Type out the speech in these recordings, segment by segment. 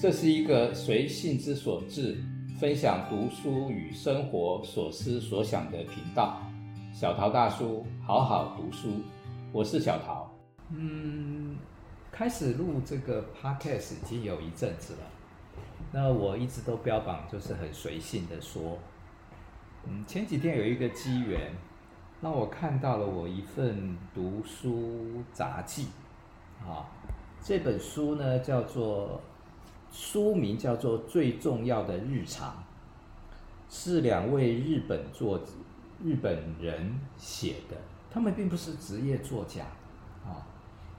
這是一個隨性之所至，分享讀書與生活所思所想的頻道。小陶大叔，好好讀書，我是小陶。嗯，開始錄這個 Podcast 已經有一陣子了，那我一直都標榜就是很隨性的說。嗯，前幾天有一個機緣，讓我看到了我一份讀書札記。啊、哦，這本書呢叫做。書名叫做《最重要的日常》，是兩位日本作者、日本人寫的，他們並不是職業作家，啊，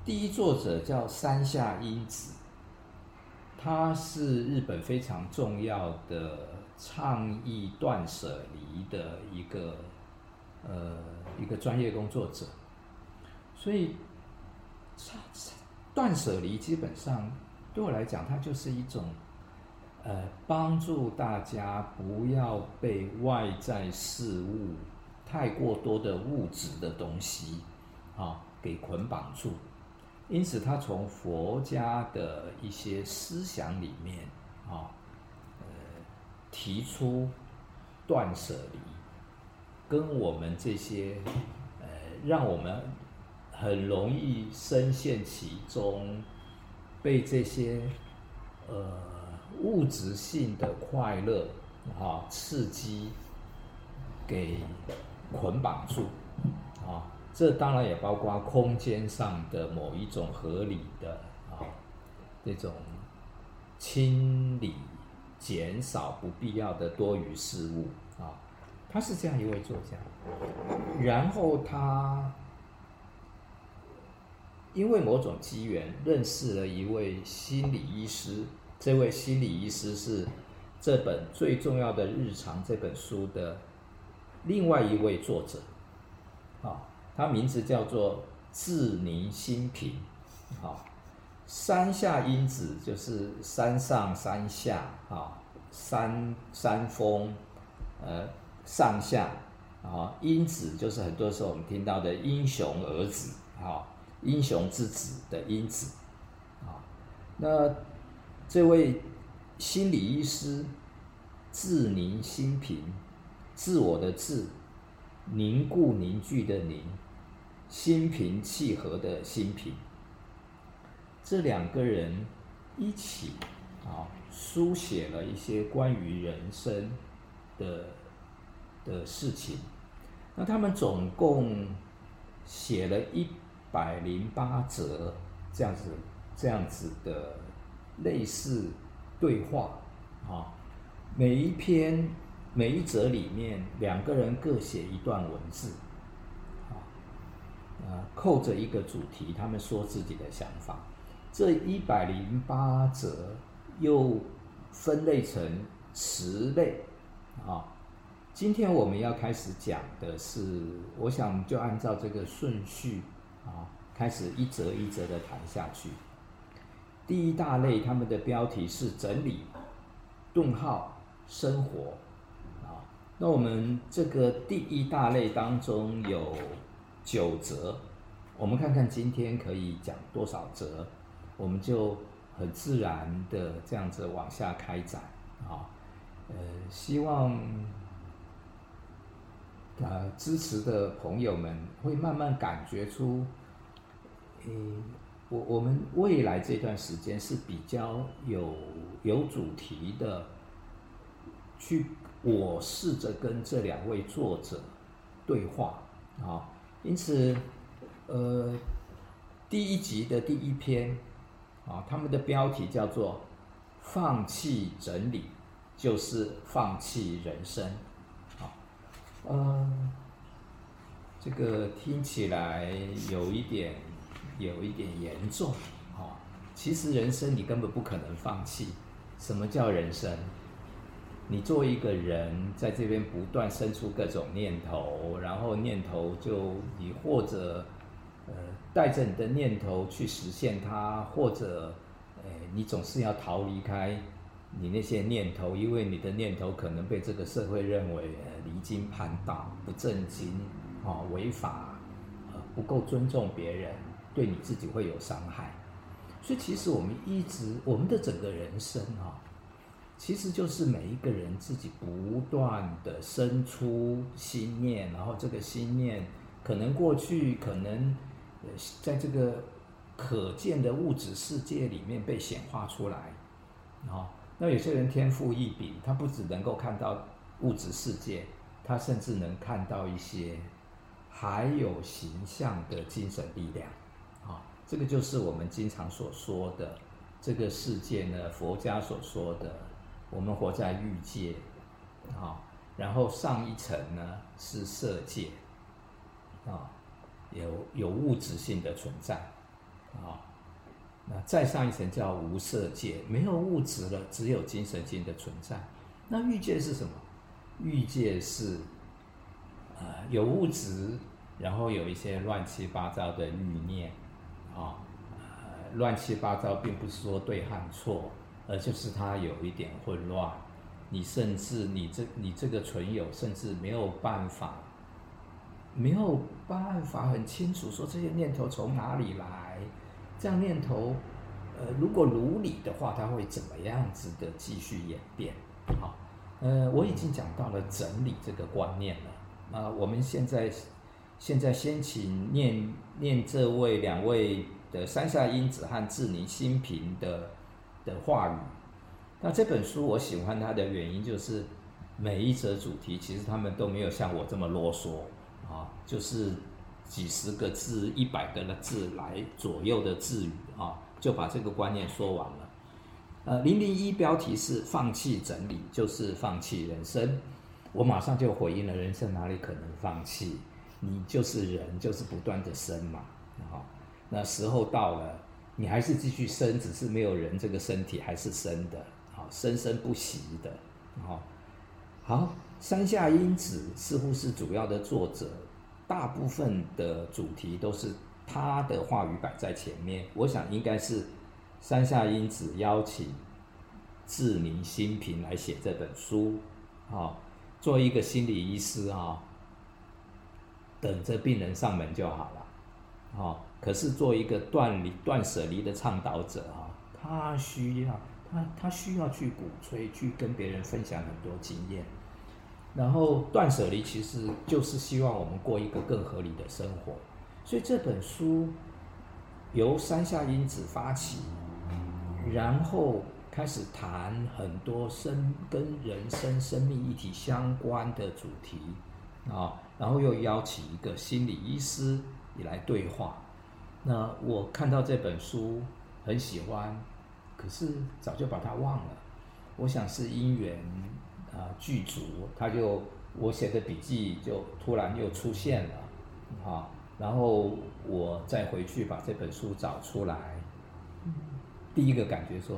第一作者叫山下英子，他是日本非常重要的倡議斷捨離的一個，呃，一個專業工作者，所以，斷捨離基本上。對我來講，它就是一種，呃，幫助大家不要被外在事物、太過多的物質的東西，啊、哦，給捆綁住。因此，他從佛家的一些思想裡面，啊、哦，呃，提出斷捨離，跟我們這些，呃，讓我們很容易深陷其中。被這些，呃，物質性的快樂啊、哦、刺激，給捆綁住啊、哦，這當然也包括空間上的某一種合理的啊、哦、這種清理、減少不必要的多餘事物啊，哦、他是這樣一位作家，然後他。因為某種機緣，認識了一位心理醫師。這位心理醫師是這本最重要的日常這本書的另外一位作者。哦、他名字叫做志寧心平。哦、三山下英子就是山上山下，好山山峰，呃，上下啊、哦，英子就是很多時候我們聽到的英雄兒子，哦英雄之子的英子，啊，那這位心理醫師自凝心平，自我的自，凝固、凝聚的凝，心平氣和的心平，這兩個人一起啊、哦，書寫了一些關於人生的的事情。那他們總共寫了一百零八則，這樣子，這樣子的類似對話啊，每一篇，每一則裡面，兩個人各寫一段文字，啊，啊，扣着一個主題，他們說自己的想法。這一百零八則又分類成十類，啊，今天我們要開始講的是，我想就按照這個順序。啊，開始一則，一則的談下去。第一大類，他們的標題是整理頓號生活啊。那我們這個第一大類當中有九則，我們看看今天可以講多少則，我們就很自然的這樣子往下開展啊。呃，希望。呃，支持的朋友們會慢慢感覺出，嗯、呃，我我們未來這段時間是比較有有主題的，去我試着跟這兩位作者對話啊、哦，因此，呃，第一集的第一篇啊、哦，他們的標題叫做“放棄整理”，就是放棄人生。呃、嗯，這個聽起來有一點，有一點嚴重，哈、哦。其實人生你根本不可能放棄。什麼叫人生？你作為一個人，在這邊不斷生出各種念頭，然後念頭就你或者呃帶着你的念頭去實現它，或者呃、欸、你總是要逃離開。你那些念頭，因為你的念頭可能被這個社會認為、呃、離經叛道、不正經、啊、哦、違法、呃、不夠尊重別人，對你自己會有傷害。所以，其實我們一直我們的整個人生啊、哦，其實就是每一個人自己不斷的生出心念，然後這個心念可能過去，可能呃、在這個可見的物質世界裡面被顯化出來，啊、哦。那有些人天賦異稟，他不只能夠看到物質世界，他甚至能看到一些還有形象的精神力量，啊、哦，這個就是我們經常所說的這個世界呢，佛家所說的我們活在欲界，啊、哦，然後上一層呢是色界，啊、哦，有有物質性的存在，啊、哦。那再上一層叫無色界，沒有物質了，只有精神性的存在。那欲界是什麼？欲界是，呃，有物質，然後有一些亂七八糟的欲念，啊、哦呃，亂七八糟，並不是說對和錯，而就是它有一點混亂。你甚至你這你這個存有，甚至沒有辦法，沒有辦法很清楚說這些念頭從哪裡來。這樣念頭，呃，如果如理的話，它會怎麼樣子的繼續演變？好，呃，我已經講到了整理這個觀念了。那我們現在，現在先請念念這位兩位的山下英子和志尼新平的的話語。那這本書我喜歡它的原因就是，每一則主題其實他們都沒有像我這麼囉嗦啊，就是。幾十個字，一百個的字來左右的字語啊、哦，就把這個觀念說完了。呃，零零一標題是放棄整理，就是放棄人生。我馬上就回應了：人生哪裡可能放棄？你就是人，就是不斷的生嘛，好、哦，那時候到了，你還是繼續生，只是沒有人這個身體還是生的，好、哦，生生不息的，好、哦。好，山下英子似乎是主要的作者。大部分的主題都是他的話語擺在前面，我想應該是山下英子邀請志明新平來寫這本書，好、哦，做一個心理醫師啊、哦，等着病人上門就好了，啊、哦，可是做一個斷離斷捨離的倡導者啊、哦，他需要他他需要去鼓吹，去跟別人分享很多經驗。然後斷捨離其實就是希望我們過一個更合理的生活，所以這本書由山下英子發起，然後開始談很多生跟人生、生命議題相關的主題啊，然後又邀請一個心理醫師也來對話。那我看到這本書很喜歡，可是早就把它忘了，我想是因緣。啊，劇組他就我寫的筆記就突然又出現了，啊、哦，然後我再回去把這本書找出來，第一個感覺說，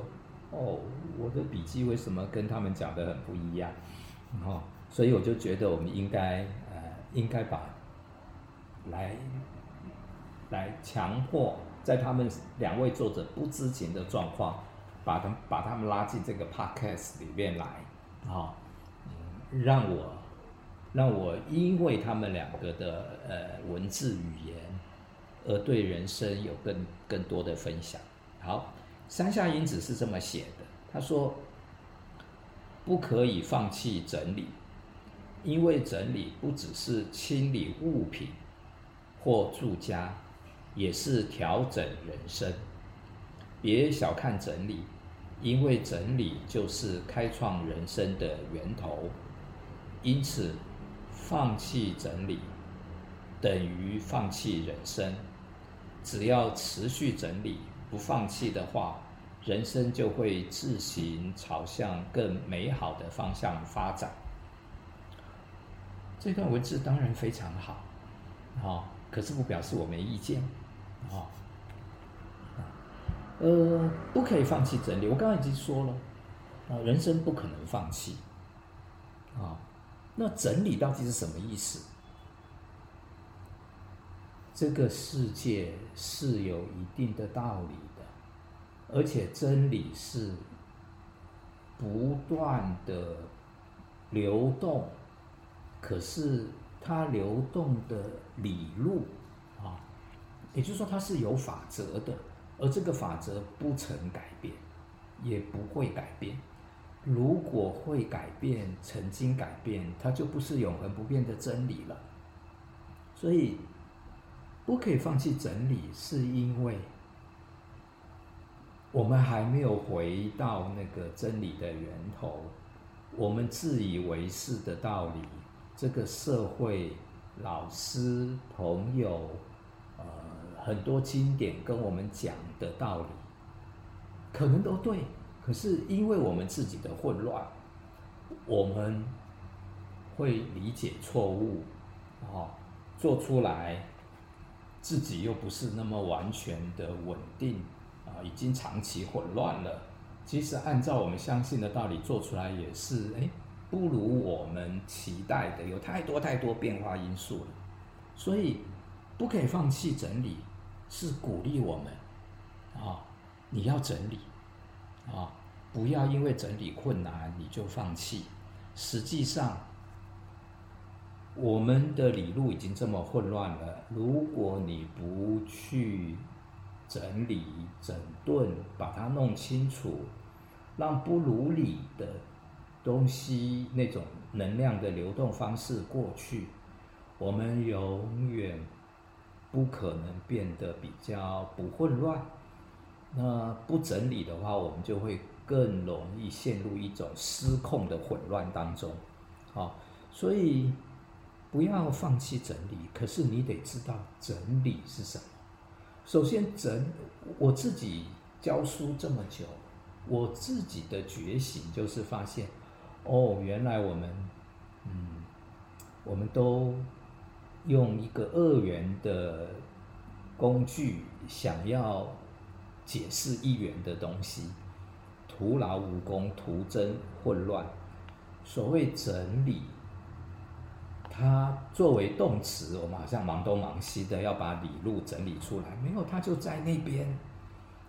哦，我的筆記為什麼跟他們講的很不一樣？啊、哦，所以我就覺得我們應該，呃，應該把來來強迫在他們兩位作者不知情的狀況，把他們把他們拉進這個 podcast 裡面來，啊、哦。讓我，讓我因為他們兩個的呃文字語言，而對人生有更更多的分享。好，山下英子是這麼寫的，他說：“不可以放棄整理，因為整理不只是清理物品或住家，也是調整人生。別小看整理，因為整理就是開創人生的源頭。”因此，放棄整理等於放棄人生。只要持續整理，不放棄的話，人生就會自行朝向更美好的方向發展。這段文字當然非常好，啊，可是不表示我沒意見，啊，呃，不可以放棄整理。我剛剛已經說了，啊，人生不可能放棄，啊。那整理到底是什麼意思？這個世界是有一定的道理的，而且真理是不斷的流動，可是它流動的理路啊，也就是說它是有法則的，而這個法則不曾改變，也不會改變。如果會改變，曾經改變，它就不是永恆不變的真理了。所以，不可以放棄整理，是因為我們還沒有回到那個真理的源頭。我們自以為是的道理，這個社會、老師、朋友，呃，很多經典跟我們講的道理，可能都對。可是，因為我們自己的混亂，我們會理解錯誤，啊，做出來自己又不是那麼完全的穩定，啊，已經長期混亂了。其實按照我們相信的道理做出來也是，哎、欸，不如我們期待的，有太多太多變化因素了。所以不可以放棄整理，是鼓勵我們，啊，你要整理。啊、哦，不要因為整理困難，你就放棄。實際上，我們的理路已經這麼混亂了，如果你不去整理整頓，把它弄清楚，讓不如理的東西那種能量的流動方式過去，我們永遠不可能變得比較不混亂。那不整理的話，我們就會更容易陷入一種失控的混亂當中，好，所以不要放棄整理。可是你得知道整理是什麼。首先，整，我自己教書這麼久，我自己的覺醒就是發現，哦，原來我們，嗯，我們都用一個二元的工具想要。解釋一元的東西，徒勞無功，徒增混亂。所謂整理，它作為動詞，我們好像忙東忙西的要把理路整理出來，沒有，它就在那邊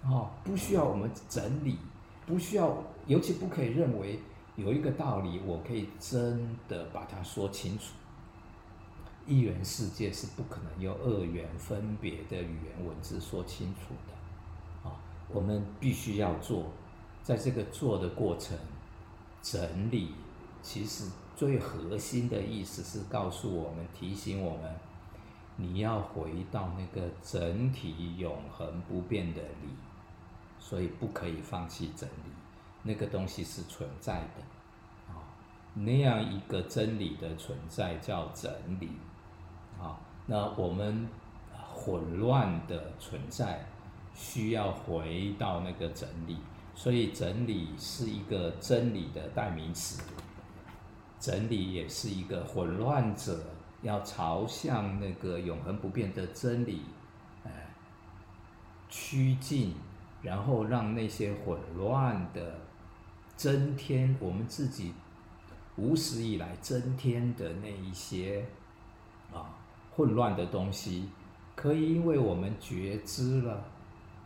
哦，不需要我們整理，不需要，尤其不可以認為有一個道理，我可以真的把它說清楚。一元世界是不可能有二元分別的語言文字說清楚的。我們必須要做，在這個做的過程，整理，其實最核心的意思是告訴我們，提醒我們，你要回到那個整體永恆不變的理，所以不可以放棄整理，那個東西是存在的，啊、哦，那樣一個真理的存在叫整理，啊、哦，那我們混亂的存在。需要回到那個整理，所以整理是一個真理的代名詞。整理也是一個混亂者要朝向那個永恆不變的真理，哎，趨近，然後讓那些混亂的增添我們自己無始以來增添的那一些啊混亂的東西，可以因為我們覺知了。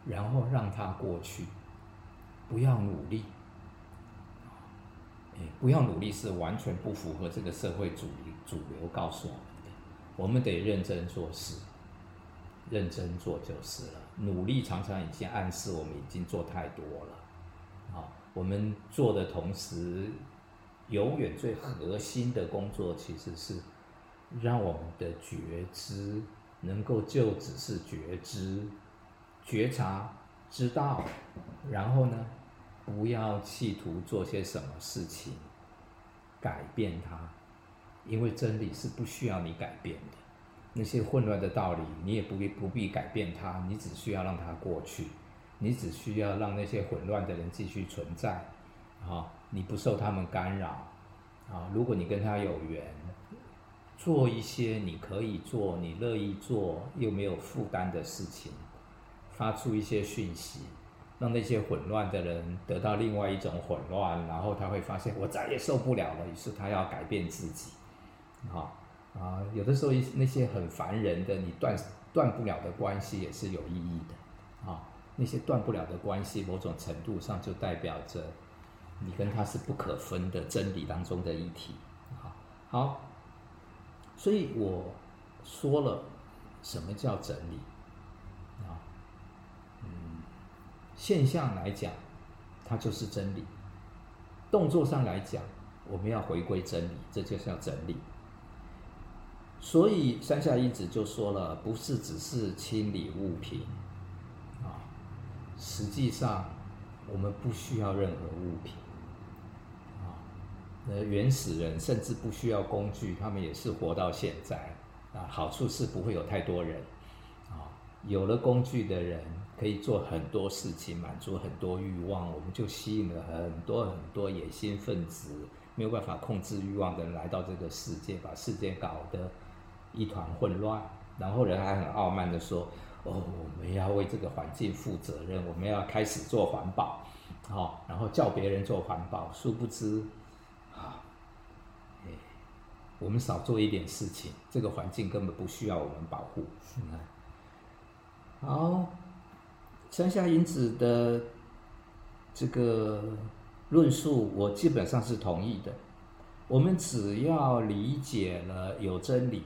然後讓他過去，不要努力。哎，不要努力是完全不符合這個社會主流告訴我們的。我們得認真做事，認真做就是了。努力常常已經暗示我們已經做太多了。啊，我們做的同時，永遠最核心的工作其實是讓我們的覺知能夠就只是覺知。覺察，知道，然後呢，不要企圖做些什麼事情改變它，因為真理是不需要你改變的。那些混亂的道理，你也不必不必改變它，你只需要讓它過去，你只需要讓那些混亂的人繼續存在，啊、哦，你不受他們干擾，啊、哦，如果你跟他有緣，做一些你可以做、你樂意做又沒有負擔的事情。發出一些訊息，讓那些混亂的人得到另外一種混亂，然後他會發現我再也受不了了，於是他要改變自己。啊、哦、啊，有的時候那些很煩人的你斷斷不了的關係也是有意義的。啊、哦，那些斷不了的關係，某種程度上就代表着你跟他是不可分的真理當中的一體。哦、好，所以我說了什麼叫整理？現象來講，它就是真理；動作上來講，我們要回歸真理，這就是要整理。所以山下一子就說了，不是只是清理物品，啊、哦，實際上我們不需要任何物品，啊、哦，原始人甚至不需要工具，他們也是活到現在。啊，好處是不會有太多人，啊、哦，有了工具的人。可以做很多事情，滿足很多慾望，我們就吸引了很多很多野心分子，沒有辦法控制慾望的人來到這個世界，把世界搞得一團混亂。然後人還很傲慢地說：“哦，我們要為這個環境負責任，我們要開始做環保，好、哦，然後叫別人做環保。殊不知，好、啊哎，我們少做一點事情，這個環境根本不需要我們保護，呢嗯、好。”山下英子的這個論述，我基本上是同意的。我們只要理解了有真理，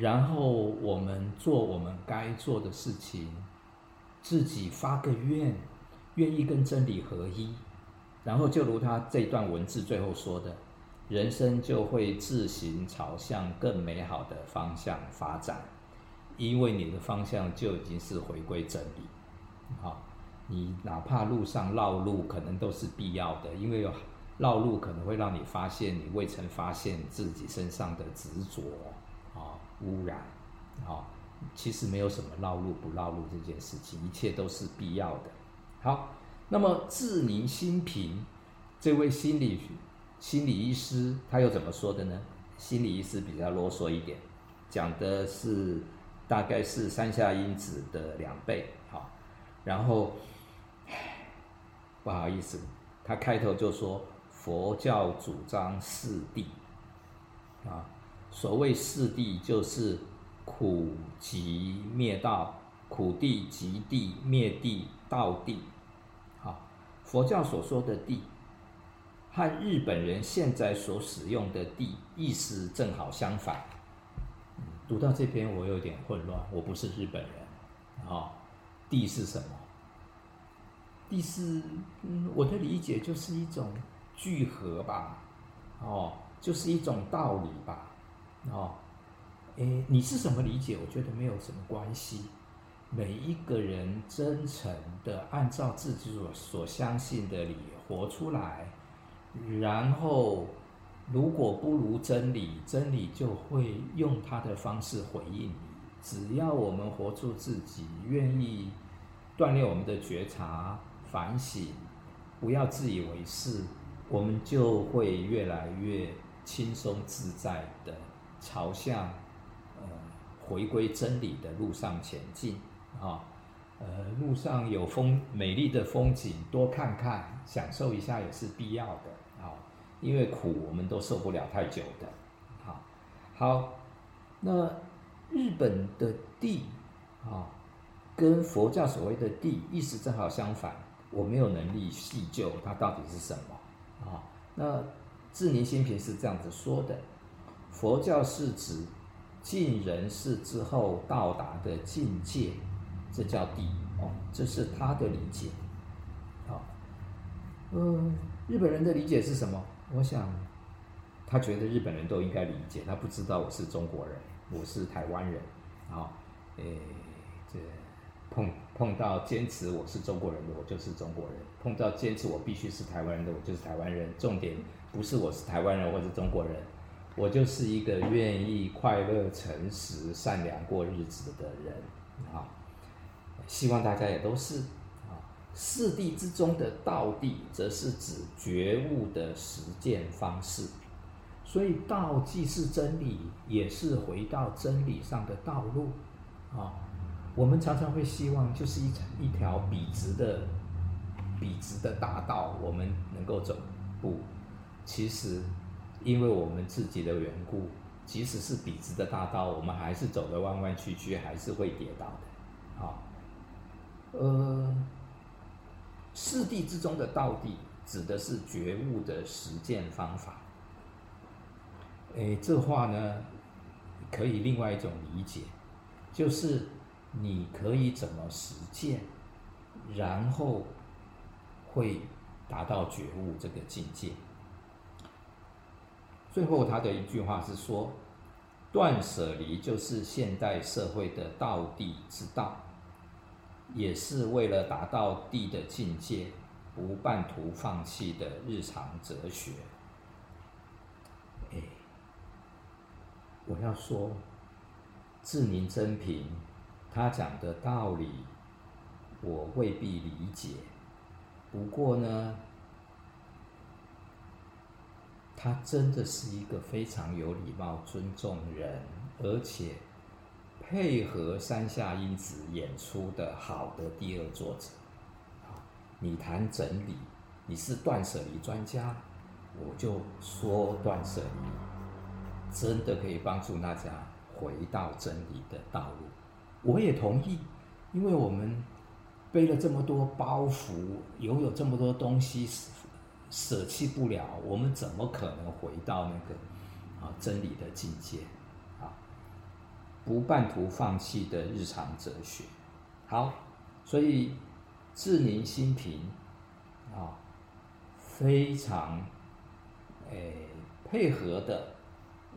然後我們做我們該做的事情，自己發個願，願意跟真理合一，然後就如他這段文字最後說的，人生就會自行朝向更美好的方向發展。因為你的方向就已經是回歸真理，好、哦，你哪怕路上繞路，可能都是必要的，因為繞路可能會讓你發現你未曾發現自己身上的執着啊、哦、污染啊、哦，其實沒有什麼繞路不繞路這件事情，一切都是必要的。好，那麼自寧心平這位心理學心理醫師，他又怎麼說的呢？心理醫師比較囉嗦一點，講的是。大概是三下因子的兩倍，好，然後唉不好意思，他開頭就說，佛教主張四諦，啊，所謂四諦就是苦集滅道，苦諦集諦滅諦道諦，啊，佛教所說的諦，和日本人現在所使用的諦意思正好相反。讀到這邊我有點混亂，我不是日本人，哦，地是什麼？地是，嗯，我的理解就是一種聚合吧，哦，就是一種道理吧，哦，誒，你是什麼理解？我覺得沒有什麼關係，每一個人真誠的按照自己所所相信的理活出來，然後。如果不如真理，真理就會用它的方式回應你。只要我們活出自己，願意鍛鍊我們的覺察、反省，不要自以為是，我們就會越來越輕鬆自在的朝向呃回歸真理的路上前進啊、哦！呃，路上有風，美麗的風景，多看看，享受一下也是必要的。因為苦，我們都受不了太久的好，好好。那日本的地啊、哦，跟佛教所謂的地意思正好相反。我沒有能力細究它到底是什麼啊、哦。那智尼新平是這樣子說的：佛教是指盡人事之後到達的境界，這叫地哦。這是他的理解。好、哦，嗯、呃，日本人的理解是什麼？我想，他覺得日本人都應該理解，他不知道我是中國人，我是台灣人，啊、哦，誒、欸，這碰碰到堅持我是中國人的，我就是中國人；碰到堅持我必須是台灣人的，我就是台灣人。重點不是我是台灣人或者中國人，我就是一個願意快樂、誠實、善良過日子的人，啊、哦，希望大家也都是。四諦之中的道諦，則是指覺悟的實踐方式。所以，道既是真理，也是回到真理上的道路。啊、哦，我們常常會希望，就是一一條筆直的、筆直的大道，我們能夠走不，其實，因為我們自己的緣故，即使是筆直的大道，我們還是走得彎彎曲曲，還是會跌倒的。啊、哦，呃。四諦之中的道諦，指的是覺悟的實踐方法。哎，這話呢，可以另外一種理解，就是你可以怎麼實踐，然後會達到覺悟這個境界。最後他的一句話是說，斷捨離就是現代社會的道諦之道。也是為了達到地的境界，不半途放棄的日常哲學。哎、欸，我要說，智明真平他講的道理，我未必理解。不過呢，他真的是一個非常有禮貌、尊重人，而且。配合山下英子演出的好的第二作者，啊，你談整理，你是斷捨離專家，我就說斷捨離，真的可以幫助大家回到真理的道路。我也同意，因為我們背了這麼多包袱，擁有這麼多東西舍捨棄不了，我們怎麼可能回到那個啊真理的境界？不半途放棄的日常哲學，好，所以志寧心平，啊、哦，非常，誒、欸，配合的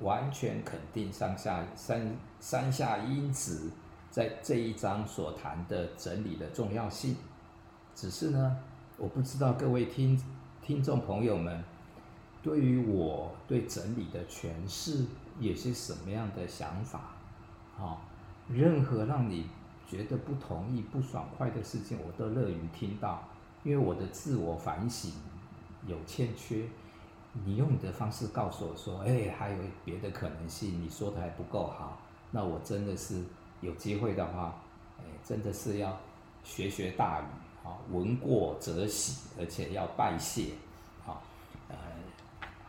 完全肯定上下三三下因子在這一章所談的整理的重要性。只是呢，我不知道各位聽聽眾朋友們對於我對整理的詮釋有些什麼樣的想法。啊，任何讓你覺得不同意、不爽快的事情，我都樂於聽到，因為我的自我反省有欠缺。你用你的方式告訴我說：“哎、欸，還有別的可能性，你說的還不夠好。”那我真的是有機會的話、欸，真的是要學學大禹啊，聞過則喜，而且要拜謝。好，呃，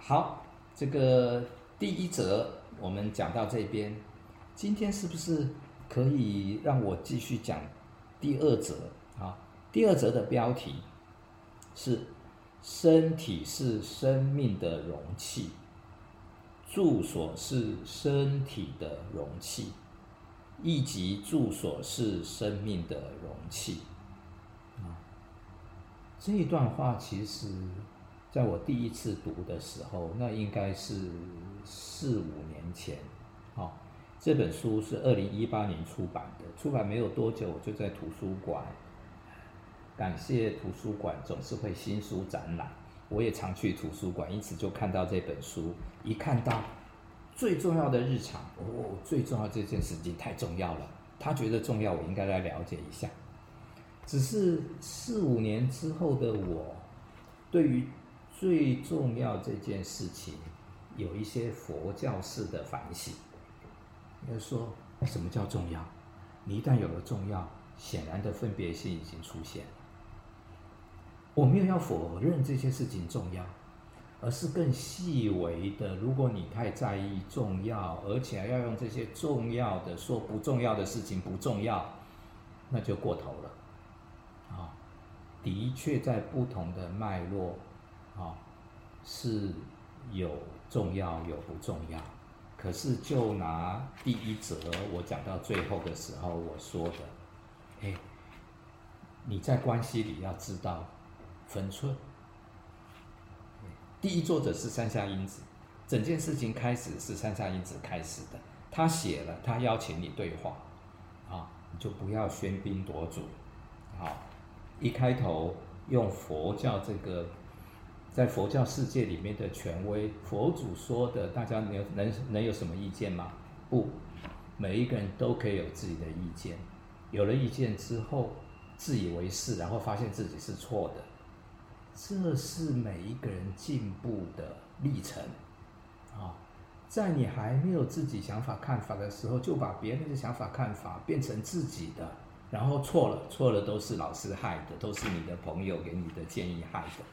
好，這個第一則我們講到這邊。今天是不是可以讓我繼續講第二則啊？第二則的標題是“身體是生命的容器，住所是身體的容器，以及住所是生命的容器”嗯。啊，這一段話其實，在我第一次讀的時候，那應該是四五年前。這本書是二零一八年出版的，出版沒有多久，我就在圖書館。感謝圖書館總是會新書展覽，我也常去圖書館，因此就看到這本書。一看到最重要的日常，哦，最重要這件事情太重要了，他覺得重要，我應該來了解一下。只是四五年之後的我，對於最重要這件事情，有一些佛教式的反省。要說那什麼叫重要？你一旦有了重要，顯然的分別心已經出現。我沒有要否認這些事情重要，而是更細微的。如果你太在意重要，而且要用這些重要的說不重要的事情不重要，那就過頭了。啊，的確在不同的脈絡，啊，是有重要有不重要。可是，就拿第一則我講到最後的時候我說的，哎、欸，你在關係裡要知道分寸。第一作者是山下英子，整件事情開始是山下英子開始的，他寫了，他邀請你對話，啊，你就不要喧賓奪主，好，一開頭用佛教這個。在佛教世界裡面的權威，佛祖說的，大家能能能有什麼意見嗎？不，每一個人都可以有自己的意見。有了意見之後，自以為是，然後發現自己是錯的，這是每一個人進步的歷程。啊，在你還沒有自己想法看法的時候，就把別人的想法看法變成自己的，然後錯了，錯了都是老師害的，都是你的朋友給你的建議害的。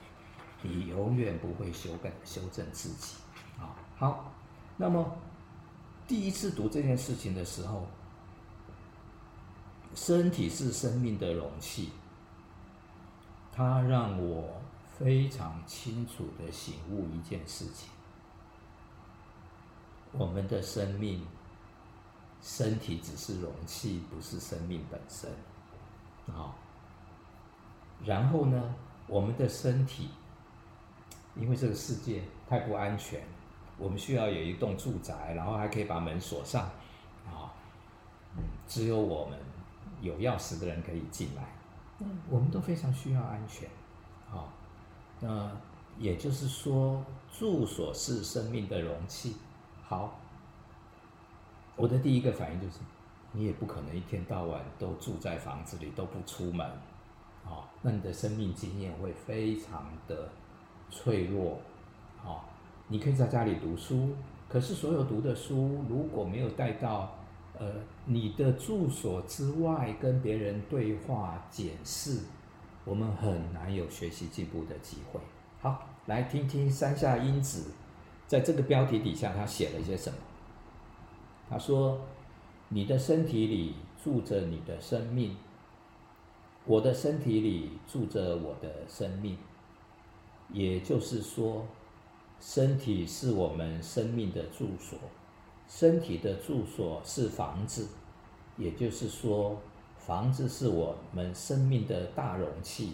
你永遠不會修改修正自己，啊，好，那麼第一次讀這件事情的時候，身體是生命的容器，它讓我非常清楚的醒悟一件事情：我們的生命，身體只是容器，不是生命本身，啊，然後呢，我們的身體。因為這個世界太不安全，我們需要有一棟住宅，然後還可以把門鎖上，啊，只有我們有鑰匙的人可以進來。嗯，我們都非常需要安全，啊，那也就是說，住所是生命的容器。好，我的第一個反應就是，你也不可能一天到晚都住在房子裡都不出門，啊，那你的生命經驗會非常的。脆弱，好、哦，你可以在家裡讀書，可是所有讀的書如果沒有帶到，呃，你的住所之外跟別人對話、解釋，我們很難有學習進步的機會。好，來聽聽山下英子，在這個標題底下，他寫了一些什麼？他說：“你的身體裡住着你的生命，我的身體裡住着我的生命。”也就是說，身體是我們生命的住所，身體的住所是房子，也就是說，房子是我們生命的大容器。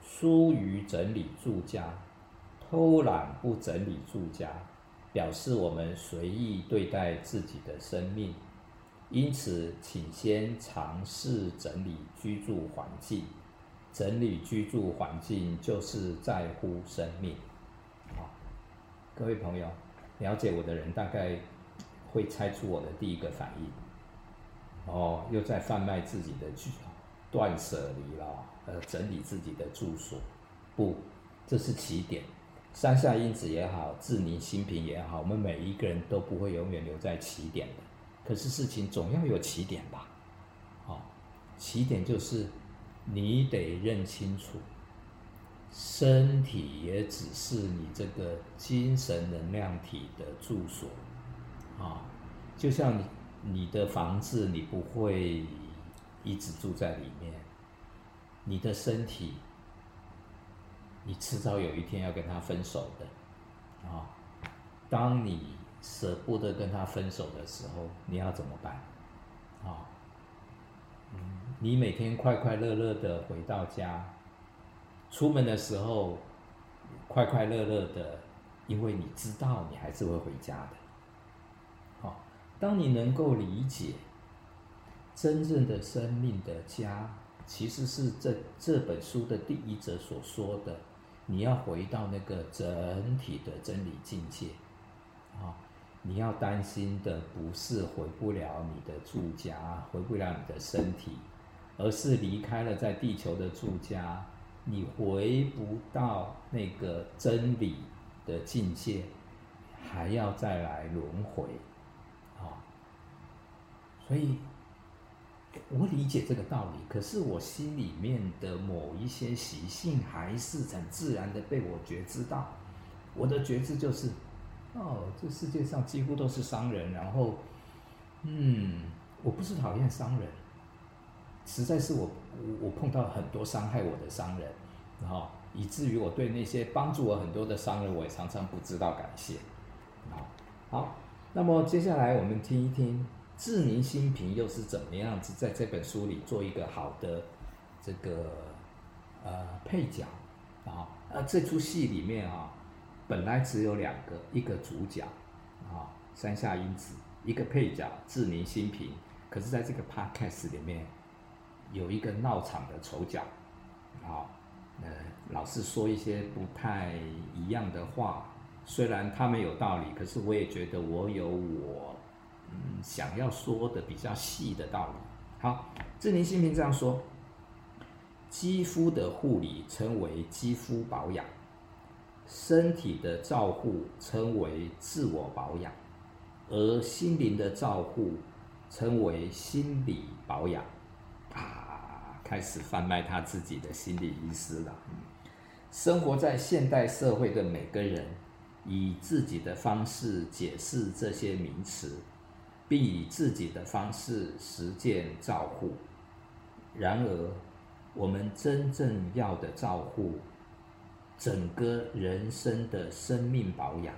疏於整理住家，偷懶不整理住家，表示我們隨意對待自己的生命。因此，請先嘗試整理居住環境。整理居住環境，就是在乎生命。哦，各位朋友，了解我的人，大概會猜出我的第一個反應。哦，又在販賣自己的居，斷捨離了，呃，整理自己的住所。不，這是起點。山下英子也好，志寧新平也好，我們每一個人都不會永遠留在起點的。可是事情總要有起點吧？好，哦，起點就是。你得認清楚，身體也只是你這個精神能量體的住所，啊，就像你你的房子，你不會一直住在裡面，你的身體，你遲早有一天要跟他分手的，啊，當你捨不得跟他分手的時候，你要怎麼辦？啊，嗯。你每天快快樂樂的回到家，出門的時候，快快樂樂的，因為你知道你還是會回家的。好、哦，當你能夠理解，真正的生命的家其實是這這本書的第一則所說的，你要回到那個整體的真理境界。啊、哦，你要擔心的不是回不了你的住家，回不了你的身體。而是離開了在地球的住家，你回不到那個真理的境界，還要再來輪迴，啊、哦！所以，我理解這個道理，可是我心裡面的某一些習性還是很自然的被我覺知到。我的覺知就是，哦，這世界上幾乎都是商人，然後，嗯，我不是討厭商人。實在是我我碰到很多傷害我的商人，然後以至於我對那些幫助我很多的商人，我也常常不知道感謝，啊，好，那麼接下來我們聽一聽志明新平又是怎麼樣子在這本書裡做一個好的這個呃配角，啊，那這出戲裡面啊本來只有兩個，一個主角啊山下英子，一個配角志明新平，可是在這個 podcast 裡面。有一個鬧場的丑角，好，呃，老是說一些不太一樣的話，雖然他們有道理，可是我也覺得我有我，嗯，想要說的比較細的道理。好，志寧新平這樣說：肌膚的護理稱為肌膚保養，身體的照護稱為自我保養，而心靈的照護稱為心理保養。啊。開始販賣他自己的心理醫師了。生活在現代社會的每個人，以自己的方式解釋這些名詞，並以自己的方式實踐照護。然而，我們真正要的照護，整個人生的生命保養，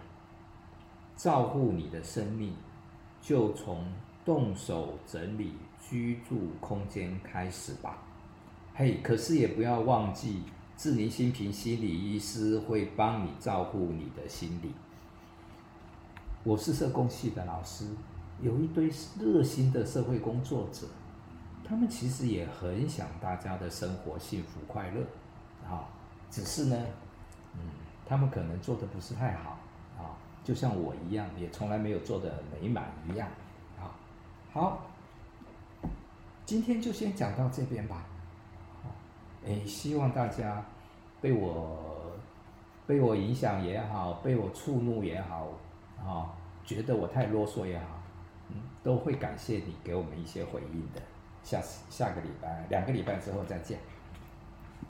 照護你的生命，就從動手整理居住空間開始吧。嘿，hey, 可是也不要忘記，智寧心平心理醫師會幫你照顧你的心理。我是社工系的老師，有一堆熱心的社會工作者，他們其實也很想大家的生活幸福快樂，啊、哦，只是呢，嗯，他們可能做的不是太好，啊、哦，就像我一樣，也從來沒有做的很美滿一樣，啊、哦，好，今天就先講到這邊吧。誒，希望大家被我被我影響也好，被我觸怒也好，啊、哦，覺得我太囉嗦也好，嗯，都會感謝你給我們一些回應的。下次下個禮拜，兩個禮拜之後再見。